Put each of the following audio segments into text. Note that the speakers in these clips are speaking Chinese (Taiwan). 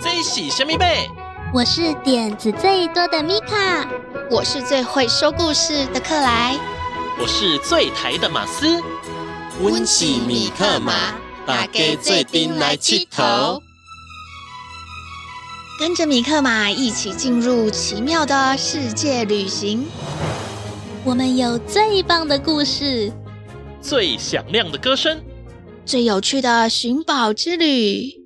最喜神秘貝，我是點子最多的米卡，我是最會說故事的克萊，我是最台的馬斯，溫是米克馬，把給最近來起頭，跟着米克馬一起進入奇妙的世界旅行，我們有最棒的故事，最響亮的歌聲，最有趣的尋寶之旅。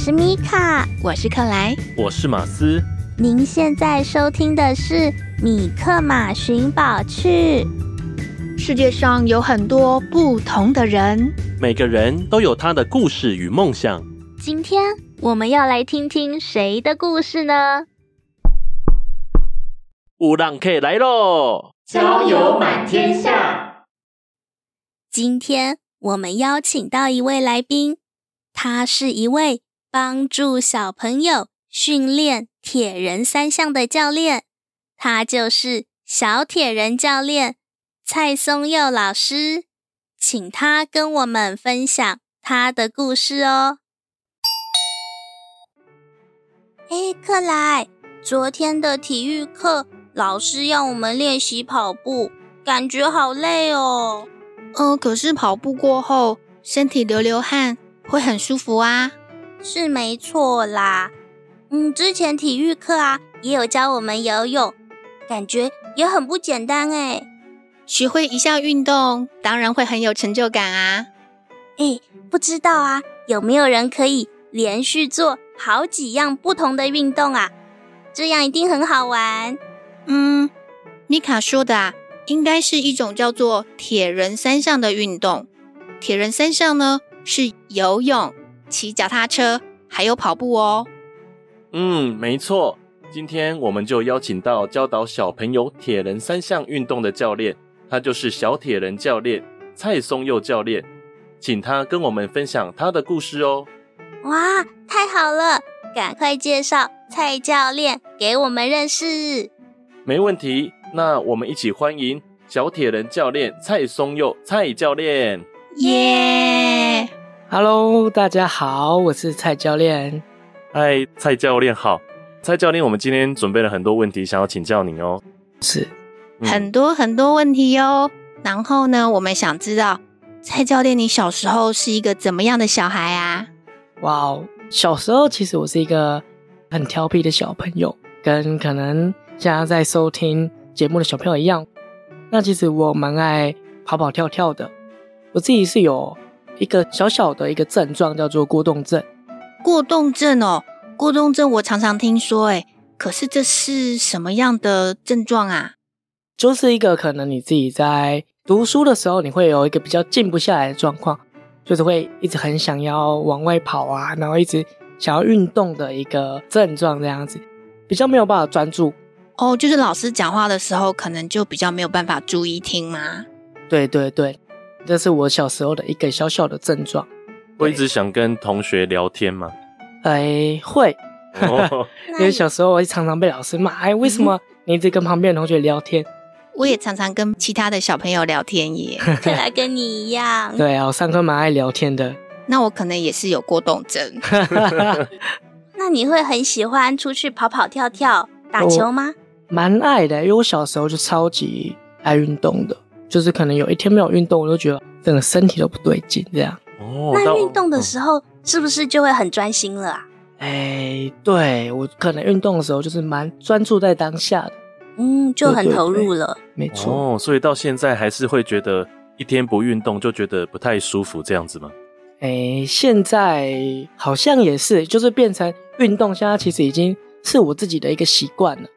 我是米卡，我是克萊，我是馬斯。您現在收聽的是《米克馬尋寶趣》。世界上有很多不同的人，每個人都有他的故事與夢想。今天我們要來聽聽誰的故事呢？烏浪客來嘍！交友滿天下。今天我們邀請到一位來賓，他是一位。幫助小朋友訓練鐵人三項的教練，他就是小鐵人教練蔡松佑老師，請他跟我們分享他的故事哦。哎，克萊，昨天的體育課老師要我們練習跑步，感覺好累哦。嗯、呃，可是跑步過後，身體流流汗會很舒服啊。是沒錯啦，嗯，之前體育課啊也有教我們游泳，感覺也很不簡單哎。學會一項運動，當然會很有成就感啊。哎，不知道啊，有沒有人可以連續做好幾樣不同的運動啊？這樣一定很好玩。嗯，米卡說的啊，應該是一種叫做鐵人三項的運動。鐵人三項呢，是游泳、騎腳踏車還有跑步哦。嗯，沒錯。今天我們就邀請到教導小朋友鐵人三項運動的教練，他就是小鐵人教練蔡松佑教練，請他跟我們分享他的故事哦。哇，太好了！趕快介紹蔡教練給我們認識。沒問題。那我們一起歡迎小鐵人教練蔡松佑蔡教練。耶、Yeah！Hello，大家好，我是蔡教練。嗨，蔡教練好。蔡教練，我們今天準備了很多問題，想要請教你哦，是、嗯、很多很多問題喲、哦。然後呢，我們想知道蔡教練，你小時候是一個怎麼樣的小孩啊？哇哦，小時候其實我是一個很調皮的小朋友，跟可能現在在收聽節目的小朋友一樣。那其實我蠻愛跑跑跳跳的，我自己是有。一個小小的一個症狀叫做過動症。過動症哦，過動症我常常聽說，哎，可是這是什麼樣的症狀啊？就是一個可能你自己在讀書的時候，你會有一個比較靜不下來的狀況，就是會一直很想要往外跑啊，然後一直想要運動的一個症狀這樣子，比較沒有辦法專注。哦，就是老師講話的時候，可能就比較沒有辦法注意聽嗎？對對對。這是我小時候的一個小小的症狀。我一直想跟同學聊天嘛，哎會、oh, 因為小時候我常常被老師罵，哎為什麼你一直跟旁邊的同學聊天？ 我也常常跟其他的小朋友聊天耶，看 來跟你一樣。對啊，我上課蠻愛聊天的。 那我可能也是有過動症。 那你會很喜歡出去跑跑跳跳打球嗎？蠻愛的，因為我小時候就超級愛運動的。就是可能有一天沒有運動，我就覺得整個身體都不對勁，這樣。哦，那運動的時候是不是就會很專心了啊？哎、欸，對我可能運動的時候就是蠻專注在當下的，嗯，就很投入了，對對對沒錯。哦，所以到現在還是會覺得一天不運動就覺得不太舒服這樣子嗎？哎、欸，現在好像也是，就是變成運動，現在其實已經是我自己的一個習慣了。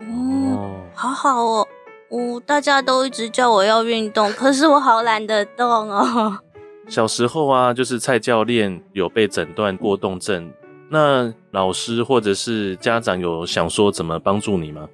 哦、嗯，好好哦。嗚，大家都一直叫我要運動，可是我好懶得動哦。小時候啊，就是蔡教練有被診斷過動症，那老師或者是家長有想說怎麼幫助你嗎？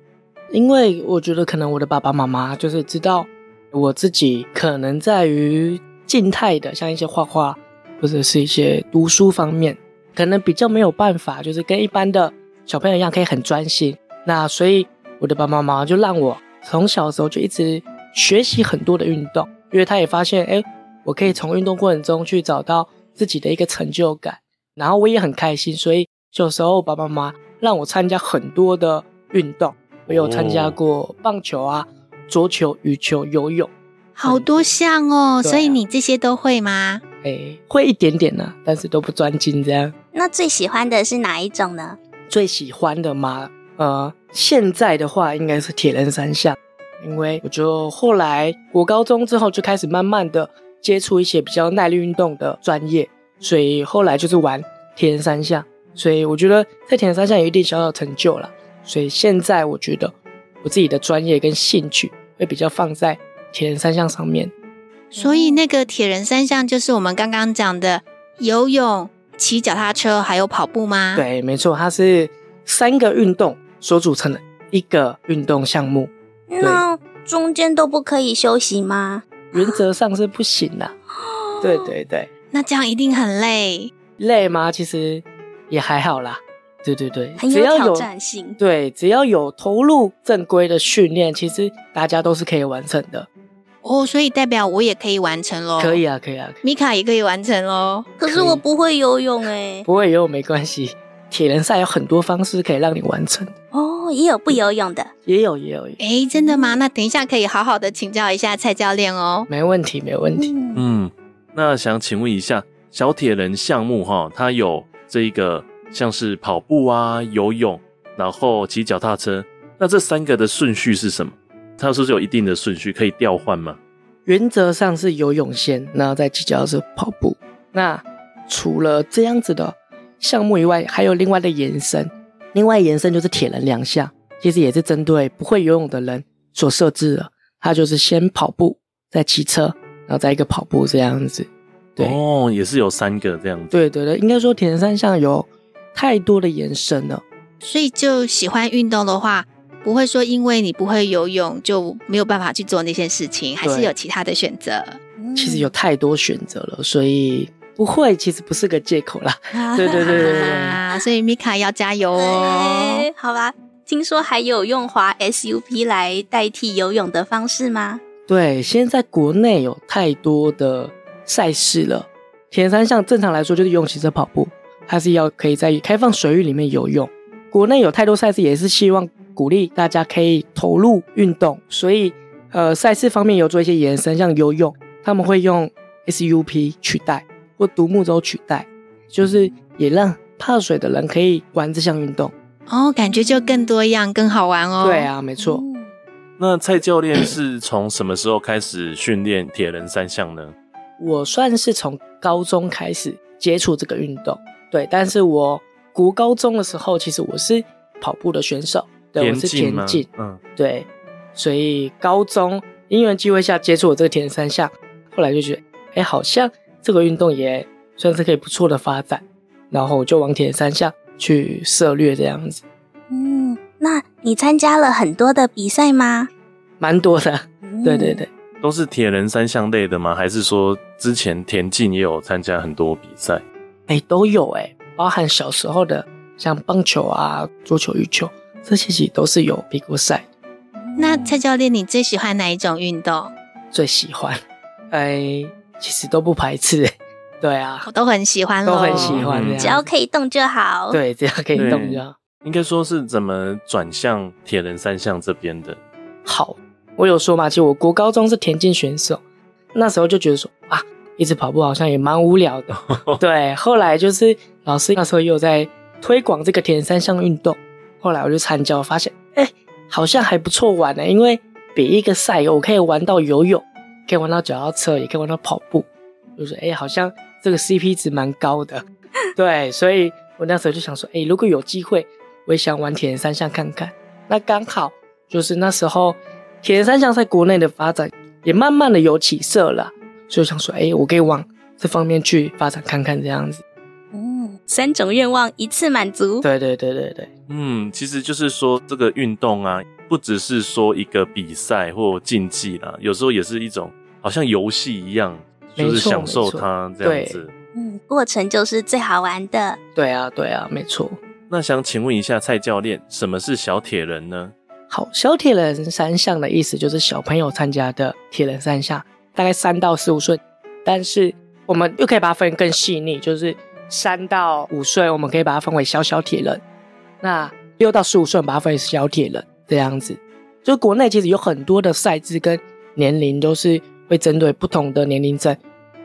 因為我覺得可能我的爸爸媽媽就是知道我自己可能在於靜態的，像一些畫畫或者是一些讀書方面，可能比較沒有辦法，就是跟一般的小朋友一樣可以很專心。那所以我的爸爸媽媽就讓我。從小的時候就一直學習很多的運動，因為他也發現，誒，我可以從運動過程中去找到自己的一個成就感，然後我也很開心。所以小時候，爸爸媽媽讓我參加很多的運動，我有參加過棒球啊、桌球、羽球、游泳，好多項哦、嗯啊。所以你這些都會嗎？誒，會一點點呢、啊，但是都不專精這樣。那最喜歡的是哪一種呢？最喜歡的嗎？呃，現在的話應該是鐵人三項，因為我就後來我高中之後就開始慢慢的接觸一些比較耐力運動的專業，所以後來就是玩鐵人三項，所以我覺得在鐵人三項有一定小小成就了，所以現在我覺得我自己的專業跟興趣會比較放在鐵人三項上面。所以那個鐵人三項就是我們剛剛講的游泳、騎腳踏車還有跑步嗎？對，沒錯，它是三個運動。所組成的一個運動項目，那中間都不可以休息嗎？原則上是不行的、啊啊。對對對，那這樣一定很累。累嗎？其實也還好啦。對對對，很有挑戰性。只要有。對，只要有投入正規的訓練，其實大家都是可以完成的。哦、oh,，所以代表我也可以完成咯。可以啊，可以啊，可以。米卡也可以完成咯。可是我不會游泳哎、欸， 不會游泳沒關係。鐵人賽有很多方式可以讓你完成哦，也有不游泳的，也有也有誒、欸，真的嗎？那等一下可以好好的請教一下蔡教練哦。沒問題，沒問題。嗯，嗯那想請問一下，小鐵人項目哈、哦，它有這一個像是跑步啊、游泳，然後騎腳踏車，那這三個的順序是什麼？他說是，是有一定的順序，可以調換嗎？原則上是游泳先，然後再騎腳踏車跑步。那除了這樣子的？項目以外還有另外的延伸，另外延伸就是鐵人兩項，其實也是針對不會游泳的人所設置的。它就是先跑步，再騎車，然後再一個跑步這樣子。對哦，也是有三個這樣子。對對對，應該說鐵人三項有太多的延伸了。所以，就喜歡運動的話，不會說因為你不會游泳就沒有辦法去做那些事情，還是有其他的選擇。嗯。其實有太多選擇了，所以。不會，其實不是個借口啦。 對對對對，對，對，對，對，對，對 所以米卡要加油哦。 好吧，聽說還有用滑 SUP 來代替游泳的方式嗎？對，現在國內有太多的賽事了。鐵人三項正常來說就是游泳、騎車跑步，它是要可以在開放水域裡面游泳。國內有太多賽事，也是希望鼓勵大家可以投入運動，所以呃，賽事方面有做一些延伸，像游泳，他們會用 SUP 取代。或獨木舟取代，就是也讓怕水的人可以玩這項運動哦，感覺就更多樣，更好玩哦。對啊，沒錯、嗯。那蔡教練是從什麼時候開始訓練鐵人三項呢 ？我算是從高中開始接觸這個運動，對。但是我國高中的時候，其實我是跑步的選手，對，我是田徑，嗯，對。所以高中因緣際會下接觸我這個鐵人三項，後來就覺得，哎、欸，好像。這個運動也算是可以不錯的發展，然後就往鐵人三項去涉略這樣子。嗯，那你參加了很多的比賽嗎？蠻多的、嗯，對對對，都是鐵人三項類的嗎？還是說之前田徑也有參加很多比賽？哎、欸，都有哎、欸，包含小時候的像棒球啊、桌球、羽球這些，都是有比過賽。那蔡教練，你最喜歡哪一種運動？嗯、最喜歡哎。其實都不排斥，對啊，我都很喜歡，都很喜歡，只要可以動就好。對，只要可以動就好。應該說是怎麼轉向鐵人三項這邊的？好，我有說嘛，其實我國高中是田徑選手，那時候就覺得說啊，一直跑步好像也蠻無聊的。 對，後來就是老師那時候也有在推廣這個鐵人三項運動，後來我就參加，我發現哎、欸，好像還不錯玩呢、欸，因為比一個賽，我可以玩到游泳。可以玩到腳踏車，也可以玩到跑步，就是誒、欸、好像這個 CP 值蠻高的， 對，所以我那時候就想說，誒、欸、如果有機會，我也想玩鐵人三項看看。那剛好就是那時候鐵人三項在國內的發展也慢慢的有起色了，就想說，誒、欸、我可以往這方面去發展看看這樣子。哦、嗯，三種願望一次滿足。對對對對對，嗯，其實就是說這個運動啊。不只是說一個比賽或競技啦，有時候也是一種好像遊戲一樣，就是享受它這樣子。對，嗯，過程就是最好玩的。對啊，對啊，沒錯。那想請問一下蔡教練，什麼是小鐵人呢？好，小鐵人三項的意思就是小朋友參加的鐵人三項，大概三到十五歲。但是我們又可以把它分為更細膩，就是三到五歲，我們可以把它分為小小鐵人；那六到十五歲，我們把它分為小鐵人。這樣子，就國內其實有很多的賽制跟年齡都是會針對不同的年齡層。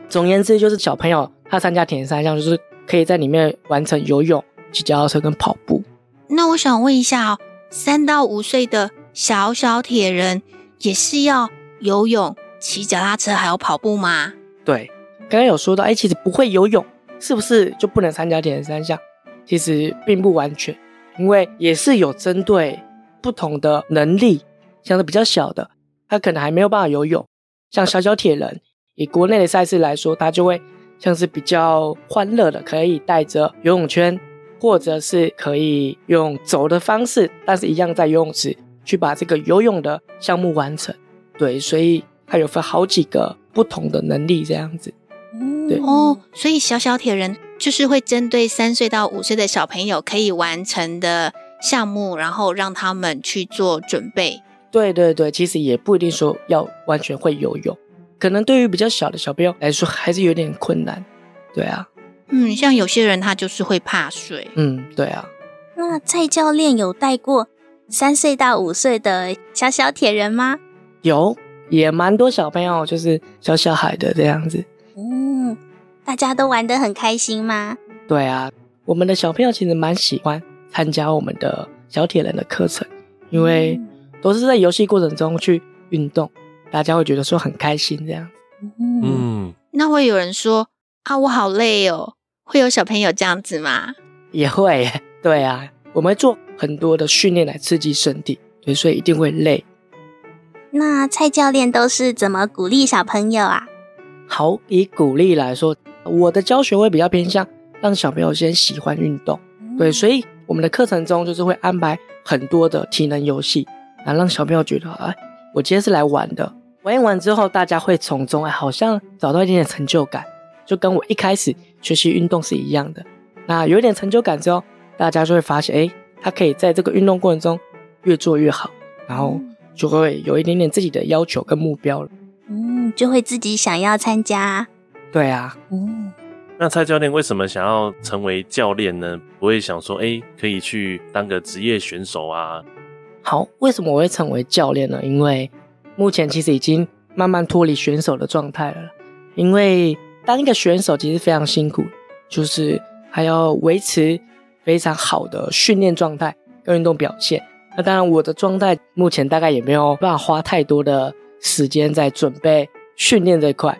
總言之，就是小朋友他參加鐵人三項，就是可以在裡面完成游泳、騎腳踏車跟跑步。那我想問一下哦，三到五歲的小小鐵人也是要游泳、騎腳踏車還有跑步嗎？對，剛剛有說到，哎、欸，其實不會游泳是不是就不能參加鐵人三項？其實並不完全，因為也是有針對。不同的能力，像是比較小的，他可能還沒有辦法游泳。像小小鐵人，以國內的賽事來說，他就會像是比較歡樂的，可以帶着游泳圈，或者是可以用走的方式，但是一樣在游泳池去把這個游泳的項目完成。對，所以他有分好幾個不同的能力這樣子。對、嗯、哦，所以小小鐵人就是會針對三歲到五歲的小朋友可以完成的項目，然後讓他們去做準備。對對對，其實也不一定說要完全會游泳，可能對於比較小的小朋友來說還是有點困難。對啊，嗯，像有些人他就是會怕水。嗯，對啊。那蔡教練有帶過三歲到五歲的小小鐵人嗎？有，也蠻多小朋友就是小小孩的這樣子。嗯，大家都玩得很開心嗎？對啊，我們的小朋友其實蠻喜歡。參加我們的小鐵人的課程，因為都是在遊戲過程中去運動，嗯、大家會覺得說很開心這樣。嗯，嗯，那會有人說啊，我好累哦，會有小朋友這樣子嗎？也會，對啊，我們做很多的訓練來刺激身體，對，所以一定會累。那蔡教練都是怎麼鼓勵小朋友啊？好，以鼓勵來說，我的教學會比較偏向讓小朋友先喜歡運動，嗯、對，所以。我們的課程中就是會安排很多的體能遊戲，啊，讓小朋友覺得，哎，我今天是來玩的。玩一玩之後，大家會從中，哎，好像找到一點點成就感，就跟我一開始學習運動是一樣的。那有一點成就感之後，大家就會發現，哎，他可以在這個運動過程中越做越好，然後就會有一點點自己的要求跟目標了。嗯，就會自己想要參加。對啊。嗯。那蔡教練為什麼想要成為教練呢？不會想說，哎、欸，可以去當個職業選手啊？好，為什麼我會成為教練呢？因為目前其實已經慢慢脫離選手的狀態了。因為當一個選手其實非常辛苦，就是還要維持非常好的訓練狀態跟運動表現。那當然，我的狀態目前大概也沒有辦法花太多的時間在準備訓練這塊，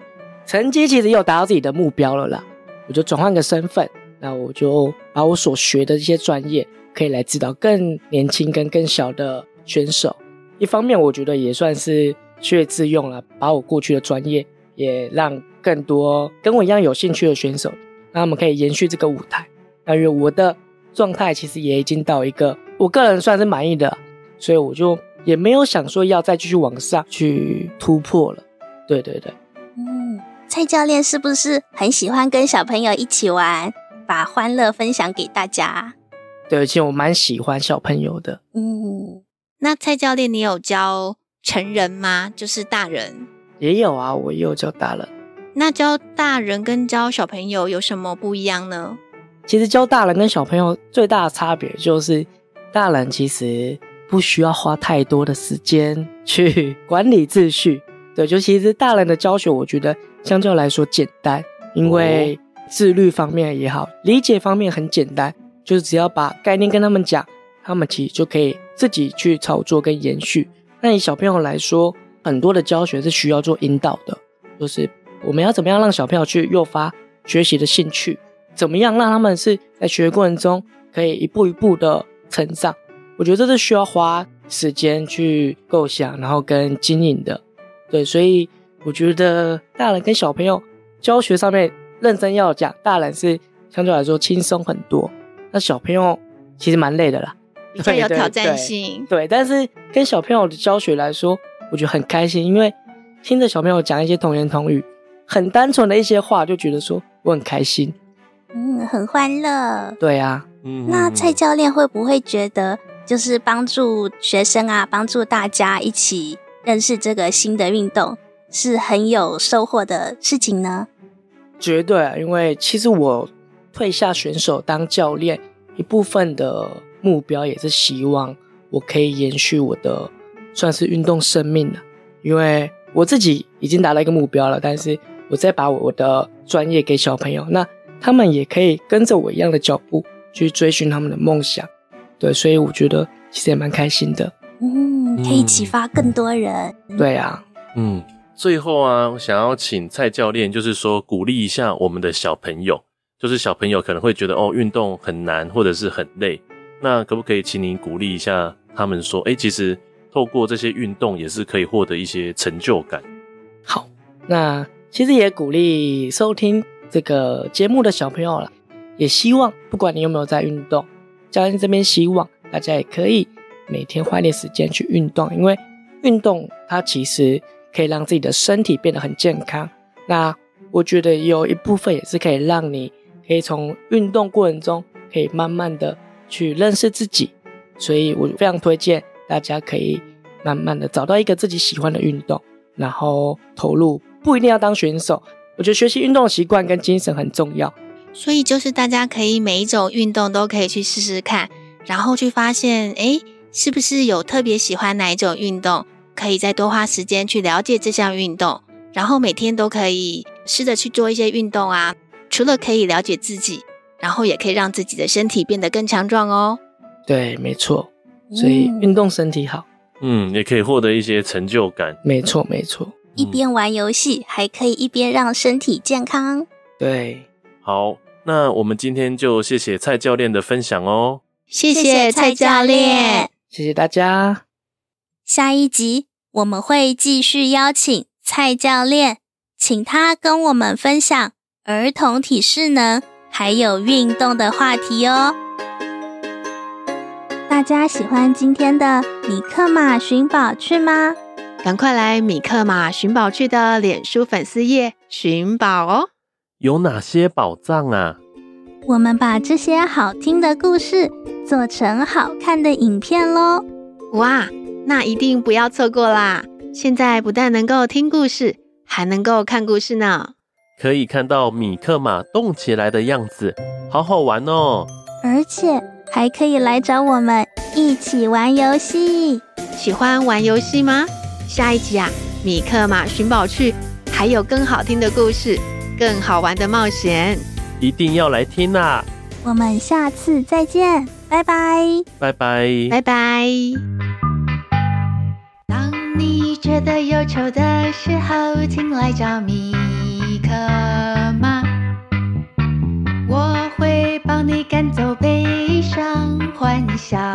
成績其實有達到自己的目標了啦。我就轉換個身份，那我就把我所學的這些專業可以來指導更年輕、跟更小的選手。一方面，我覺得也算是學以致用了，把我過去的專業也讓更多跟我一樣有興趣的選手，讓他們可以延續這個舞台。但是我的狀態其實也已經到一個我個人算是滿意的，所以我就也沒有想說要再繼續往上去突破了。對對對。蔡教練是不是很喜歡跟小朋友一起玩，把歡樂分享給大家？對，而且我蠻喜歡小朋友的。嗯，那蔡教練，你有教成人嗎？就是大人？也有啊，我也有教大人。那教大人跟教小朋友有什麼不一樣呢？其實教大人跟小朋友最大的差別就是，大人其實不需要花太多的時間去管理秩序。對，就其實大人的教學，我覺得相較來說簡單，因為自律方面也好，理解方面很簡單，就是只要把概念跟他們講，他們其實就可以自己去操作跟延續。那以小朋友來說，很多的教學是需要做引導的，就是我們要怎麼樣讓小朋友去誘發學習的興趣，怎麼樣讓他們是在學習過程中可以一步一步的成長。我覺得這是需要花時間去構想，然後跟經營的。對，所以我覺得大人跟小朋友教學上面認真要講，大人是相對來說輕鬆很多，那小朋友其實蠻累的啦，比較有挑戰性，對對。對，但是跟小朋友的教學來說，我覺得很開心，因為聽着小朋友講一些童言童語，很單純的一些話，就覺得說我很開心，嗯，很歡樂。對啊，嗯，那蔡教練會不會覺得就是幫助學生啊，幫助大家一起？認識這個新的運動是很有收穫的事情呢？絕對啊，因為其實我退下選手當教練，一部分的目標也是希望我可以延續我的算是運動生命了啊。因為我自己已經達到一個目標了，但是我再把我的專業給小朋友，那他們也可以跟着我一樣的腳步去追尋他們的夢想。對，所以我覺得其實也蠻開心的。嗯可以啟發更多人，嗯。對啊，嗯，最後啊，我想要請蔡教練，就是說鼓勵一下我們的小朋友，就是小朋友可能會覺得哦，運動很難或者是很累，那可不可以請您鼓勵一下他們說，說、欸、哎，其實透過這些運動也是可以獲得一些成就感。好，那其實也鼓勵收聽這個節目的小朋友啦，也希望不管你有沒有在運動，教練這邊希望大家也可以。每天花一點時間去運動，因為運動它其實可以讓自己的身體變得很健康。那我覺得有一部分也是可以讓你可以從運動過程中，可以慢慢的去認識自己。所以我非常推薦大家可以慢慢的找到一個自己喜歡的運動，然後投入，不一定要當選手。我覺得學習運動習慣跟精神很重要。所以就是大家可以每一種運動都可以去試試看，然後去發現，哎。是不是有特別喜歡哪一種運動？可以再多花時間去了解這項運動，然後每天都可以試着去做一些運動啊！除了可以了解自己，然後也可以讓自己的身體變得更強壯哦。對，沒錯。所以運、嗯、動身體好，嗯，也可以獲得一些成就感。沒錯，沒錯。一邊玩遊戲、嗯，還可以一邊讓身體健康。對，好。那我們今天就謝謝蔡教練的分享哦。謝謝蔡教練。謝謝大家。下一集我們會繼續邀請蔡教練，請他跟我們分享兒童體適能還有運動的話題哦。大家喜歡今天的米克馬尋寶趣嗎？趕快來米克馬尋寶趣的臉書粉絲頁尋寶哦！有哪些寶藏啊？我們把這些好聽的故事做成好看的影片嘍！哇，那一定不要錯過啦！現在不但能夠聽故事，還能夠看故事呢。可以看到米克馬動起來的樣子，好好玩哦！而且還可以來找我們一起玩遊戲。喜歡玩遊戲嗎？下一集啊，米克馬尋寶趣，還有更好聽的故事，更好玩的冒險。一定要來聽吶、啊，我們下次再見，拜拜，拜拜，拜拜。當你覺得憂愁的時候，請來找米克馬，我會幫你趕走悲傷，歡笑。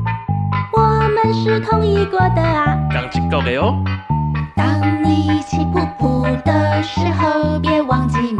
但是同一國的啊，當你氣撲撲的時候，別忘記。